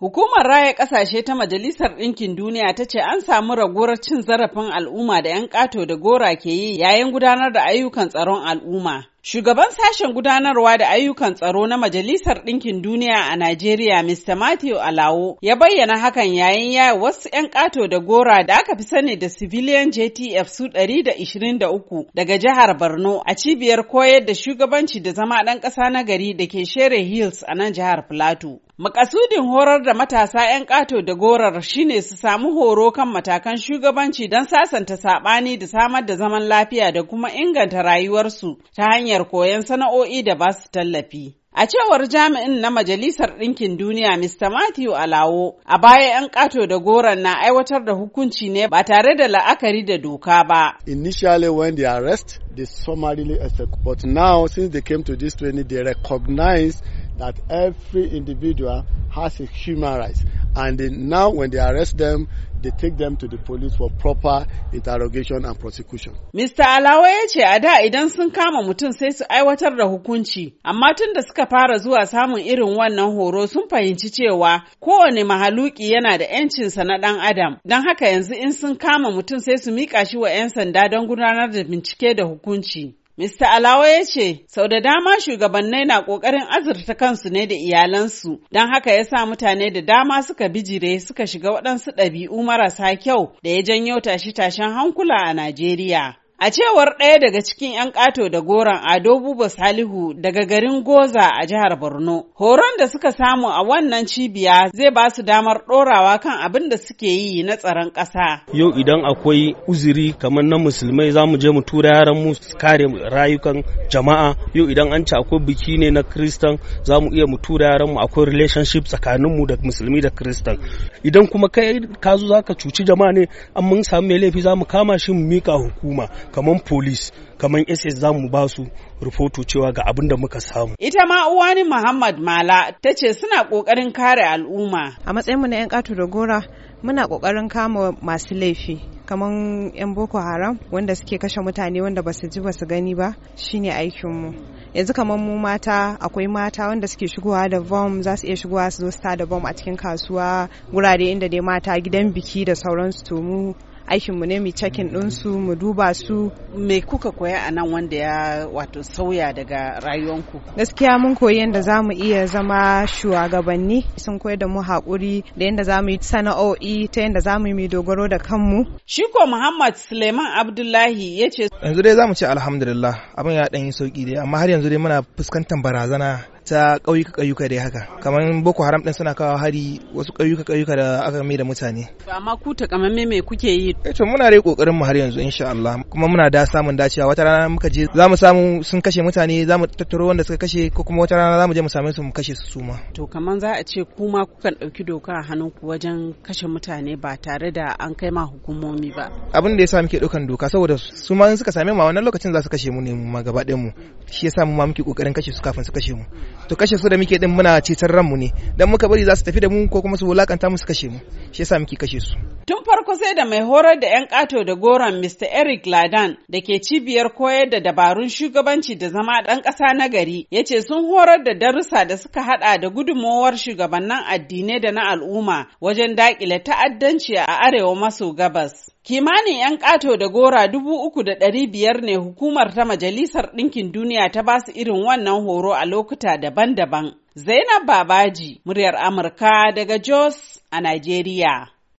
Hukumar Raya Ƙasashe ta Majalisar Ɗinkin Duniya ta ce an samu ragowar cin zarafin al'umma da 'yan ƙato da gora ke yi yayin gudanar da ayyukan tsaron al'umma. Shugaban sashen gudanarwa da ayyukan tsaro na Majalisar Ɗinkin Duniya a Najeriya, Mr. Matthew Alawo, ya bayyana hakan yayin ya wasu 'yan ƙato da gora da aka fi sani da civilian JTF su 123 daga jihar Borno a cibiyar koyar da shugabanci da zama ɗan ƙasa na gari da ke Shere Hills a nan jihar Plateau. Makasudin horar da matasa 'yan ƙato da gorar shine su samu horo kan matakan shugabanci don sasanta saɓani da samar da zaman lafiya da kuma inganta rayuwarsu ta hanyar koyon sana'o'i da ba su tallafi. A cewar jami'in na Majalisar Ɗinkin Duniya Mr. Matthew Alawo, a baya 'yan ƙato da goron na aiwatar da hukunci ne ba tare da la'akari da doka ba. Initially when they arrest, they summarily execute. But now since they came to this training, they recognize that every individual has a human rights. And they, now, when they arrest them, they take them to the police for proper interrogation and prosecution. Mr. Alawa ya ce a da idan sun kama mutum sai su aiwatar da hukunci, amma tun da suka fara zuwa samun irin wannan horo sun fahimci cewa kowane mahaluki yana da 'yancinsa na ɗan adam. Don haka yanzu in sun kama mutum sai su miƙa shi wa 'yan sanda don gudanar da bincike da hukunci. Mr. Alawa ya ce, sau da dama shugabannai na ƙoƙarin azurta kansu ne da iyalansu, don haka ya sa mutane da dama suka bijire suka shiga waɗansu ɗabi'u marasa kyau da ya janyo tashe-tashen hankula a Najeriya. A cewar ɗaya daga cikin 'yan ƙato da goron Ado Buba Salihu daga garin Goza a jihar Borno, horon da suka samu a wannan cibiya zai ba su damar ɗorawa kan abin da suke yi na tsaron ƙasa. Yau idan akwai uziri kamar na musulmai za mu je mu tura yaran mu kare rayukan jama'a. Yau idan an ci akwai biki ne na Kristan za mu iya mu tura yaran mu akwai relationship tsakanin mu da musulmi da Kristan. Idan kuma kai ka zo za ka cuci jama'a ne, an mun samu mai laifi za mu kama shi mu mika hukuma. kamar police kamar ss za mu ba su rufoto cewa ga abin da muka samu ita ma uwani muhammad mala ta ce suna kokarin kare al'umma a matsayin mu na yan kato da gora muna kokarin kama masu laifi kamar 'yan boko haram wanda suke kashe mutane wanda ba su ji ba su gani ba shine mu yanzu kamar mu mata akwai mata wanda suke shigowa da bom za su iya shigowa su zo su da bom a cikin kasuwa gurare inda dai mata gidan biki da sauransu to mu aikinmu ne mu cakin ɗinsu mu duba su. Me kuka koya a nan wanda ya wato sauya daga rayuwanku? Gaskiya mun koyi yadda za mu iya zama shugabanni sun koyar da mu haƙuri da yadda za mu yi sana'o'i ta yadda za mu yi dogaro da kanmu. Shiko Muhammad Suleiman Abdullahi ya ce. Yanzu dai za mu ce alhamdulillah abin ya ɗan yi sauƙi dai amma har yanzu dai muna fuskantar barazana ta ƙauyuka ƙauyuka dai haka kamar boko haram din suna kawo hari wasu ƙauyuka ƙauyuka da aka mai da mutane amma ku takamamme me kuke yi eh to muna dai kokarin mu har yanzu insha Allah kuma muna da samun dacewa wata rana muka je za mu samu sun kashe mutane za mu tattaro wanda suka kashe ko kuma wata rana za mu je mu same su mu kashe su suma to kamar za a ce ku ma kukan ɗauki doka a ku wajen kashe mutane ba tare da an kai ma hukumomi ba abin da yasa muke daukan doka saboda su ma suka same mu a wannan lokacin za su kashe mu ne mu ma gaba ɗayan mu shi yasa mu ma muke kokarin kashe su kafin su kashe mu to kashe su da muke din muna cetar ranmu ne dan muka bari za su tafi da mu ko kuma su wulakanta mu su kashe mu shi yasa muke kashe su tun farko sai da mai horar da 'yan kato da goron mr eric ladan da ke cibiyar koyar da dabarun shugabanci da zama ɗan ƙasa na gari ya ce sun horar da darussa da suka hada da gudunmowar shugabannin addinai da na al'umma wajen dakile ta'addanci a arewa maso gabas Kimanin 'yan ƙato da gora dubu uku da ɗari biyar ne hukumar ta Majalisar Ɗinkin Duniya ta ba su irin wannan horo a lokuta daban-daban. Zainab Babaji, muryar Amurka daga Jos a Najeriya.